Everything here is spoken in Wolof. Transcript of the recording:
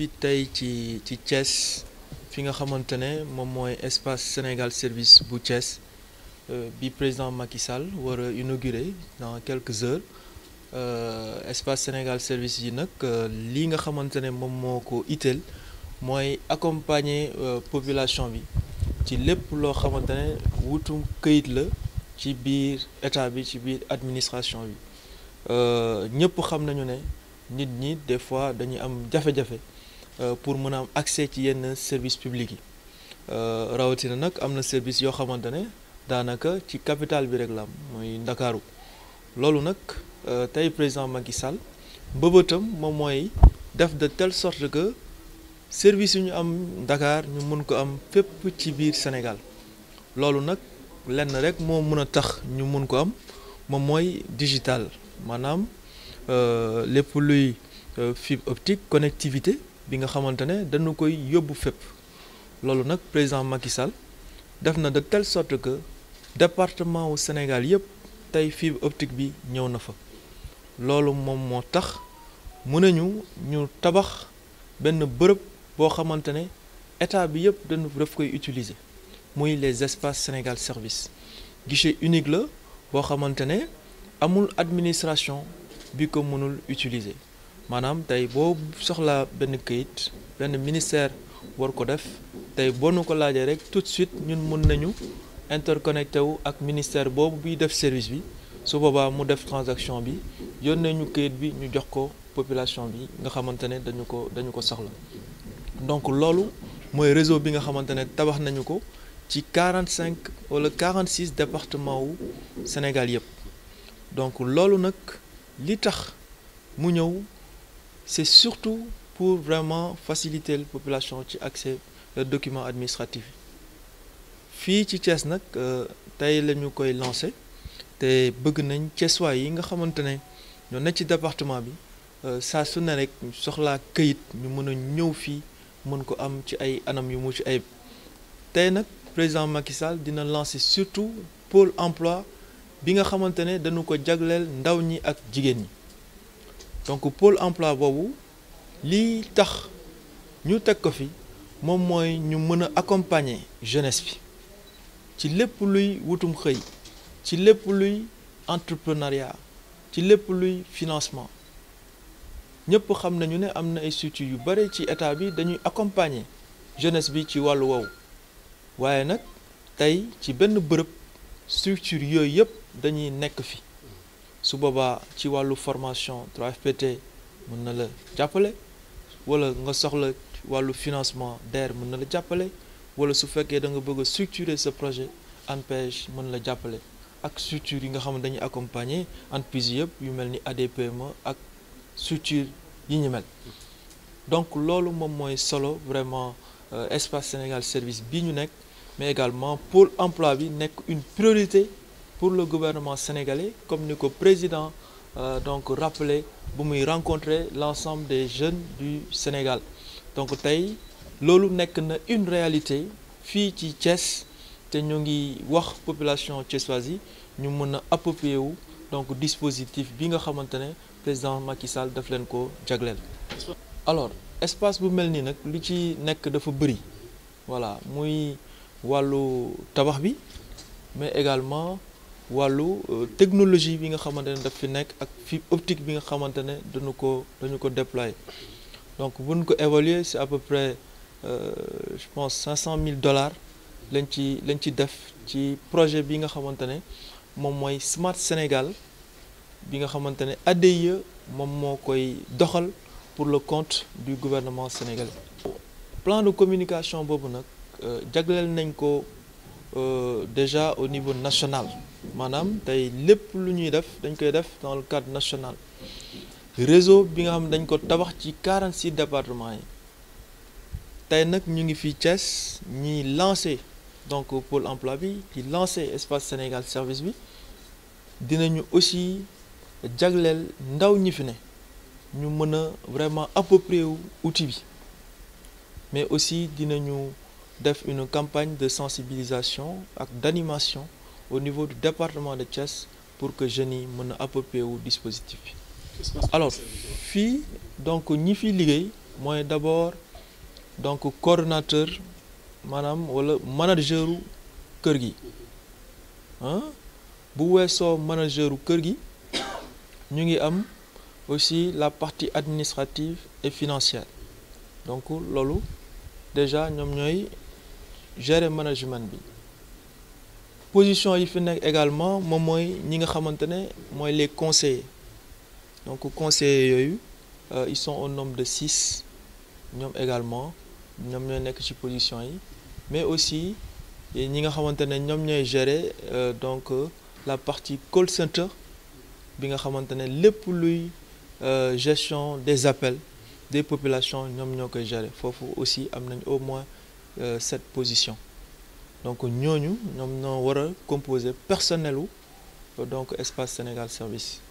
fi tey ci ci Thiès fi nga xamante ne moom mooy espace Sénégal service bu Thiès euh, bi président Macky Sall war a inauguré dans quelques heures euh, espace Sénégal service yi nag euh, lii nga xamante ne moom moo ko itteel mooy accompagner population bi ci lépp loo xamante ne wutum këyit la ci biir état bi ci biir administration bi ñëpp xam nañu ne nit ñi des fois dañuy am jafe-jafe Euh, pour mën a am accès ci yenn service public yi euh, rawatina nag am na service yoo xamante ne daanaka ci capital bi rek la mooy Ndakaaru loolu nag euh, tey président Macky Sall mbëbëtam moom mooy def de telle sorte que service yu ñu am ndakaar ñu mën ko am fépp ci biir Sénégal loolu nag lenn rek moo mën a tax ñu mën ko am moom mooy digital maanaam lépp luy fibre optique connectivité bi nga xamante ne dañu koy yóbbu fépp loolu nag président Macky def na de telle sorte que département wu Sénégal yëpp tey fibre optique bi ñëw na fa loolu moom moo tax mu nañu ñu tabax benn bërëb boo xamante ne état bi yëpp dañu daf koy utiliser muy les espaces Sénégal service guichet unique la boo xamante ne amul administration bi ko mënul utiliser maanaam tey boo soxlaa benn kayit benn ministère war ko def tey boo nu ko laajee rek tout de suite ñun mun nañu interconnecté wu ak ministère boobu biy def service bi su boobaa mu def transaction bi yónnee ñu kayit bi ñu jox ko population bi nga xamante ne dañu ko dañu ko soxla donc loolu mooy réseau bi nga xamante ne tabax nañu ko ci 45 wala 46 département wu Sénégal yëpp donc loolu nag li tax mu ñëw c'est surtout pour vraiment faciliter population ci accès euh, document administratif fii ci Thiès nag euh, tey lañu koy lancé te bëgg nañ Thiessois yi nga xamante ne ñoo ne ci département bi euh, saa su ne rek soxlaa kayit ñu mën a ñëw fii mën ko am ci ay anam yu mu ci ayib tey nag président Macky dina lancé surtout pôle emploi bi nga xamante ne dañu ko jagleel ndaw ñi ak jigéen ñi donc pole emploi boobu lii tax ñu teg ko fi moom mooy ñu mën a accompagner jeunesse bi ci lépp luy wutum xëy ci lépp luy entrepreneuriat ci lépp luy financement ñëpp xam nañu ne am na ay institut yu bare ci état bi dañuy accompagner jeunesse bi ci wàllu woowu waaye nag tey ci benn bërëb structure yooyu yëpp dañuy nekk fi su boobaa ci wàllu formation 3FPT mën na la jàppale wala nga soxla wàllu financement DER mën na la jàppale wala su fekkee da nga bëgg a structurer ce projet ANPEJ mën la jàppale ak structure yi nga xam ne dañuy accompagner entreprise yëpp yu mel ni ADPME ak structure yi ñu mel donc loolu moom mooy solo vraiment euh, espace Sénégal service bi ñu nekk mais également pôle emploi bi nekk une priorité pour le gouvernement sénégalais comme ni ko président euh, donc rappelé bu muy rencontrer l'ensemble des jeunes du Sénégal donc tey loolu nekk na une réalité fii ci Thiès te ñu ngi wax population thiessoise yi ñu mën a approprier wu donc dispositif bi nga xamante ne président Macky Sall daf leen ko jagleel. alors espace bu mel nii nag lu ci nekk dafa bëri voilà muy wàllu tabax bi mais également. wàllu euh, technologie bi nga xamante ne daf fi nekk ak fibre optique bi nga xamante ne dañu ko dañu ko déployer donc bu ñu ko évaluer c'est à peu près euh, je pense cinq cent mille dollars lañ ci lañ ci def ci projet bi nga xamante ne moom mooy Smart Sénégal bi nga xamante ne ADIE moom moo koy doxal pour le compte du gouvernement sénégalais. plan de communication boobu nag euh, jagleel nañ ko euh, déjà au niveau national. maanaam tey lépp lu ñuy def dañ koy def dans le cadre national réseau bi nga xam dañ ko tabax ci 46 départements yi tey nag ñu ngi fii Thiès ñiy lancé donc pôle emploi bi di lancé espace Sénégal service bi dinañu aussi jagleel ndaw ñi fi ne ñu mën a vraiment approprier wu outil bi mais aussi dinañu def une campagne de sensibilisation ak d'animation au niveau du département de Thiès pour que jeunes yi mën a approprier wu dispositif bi. alors fii donc ñi fi liggéey mooy d'abord donc coordonnateur maanaam wala manageru kër gi ah bu weesoo manageru kër gi ñu ngi am aussi la partie administrative et financière donc loolu déjà ñoom ñooy gérer management bi. position yi fi nekk également moom mooy ñi nga xamante ne mooy les conseillers donc conseillers yooyu euh, ils sont au nombre de six ñoom également ñoom ñooy nekk ci position yi mais aussi ñi nga xamante ne ñoom ñooy gérer euh, donc euh, la partie call center bi nga xamante ne lépp luy euh, gestion des appels des populations ñoom ñoo koy gérer foofu aussi am nañ au moins sept positions donc ñooñu ñoom ñoo war a composer personnel wu donc espace Sénégal service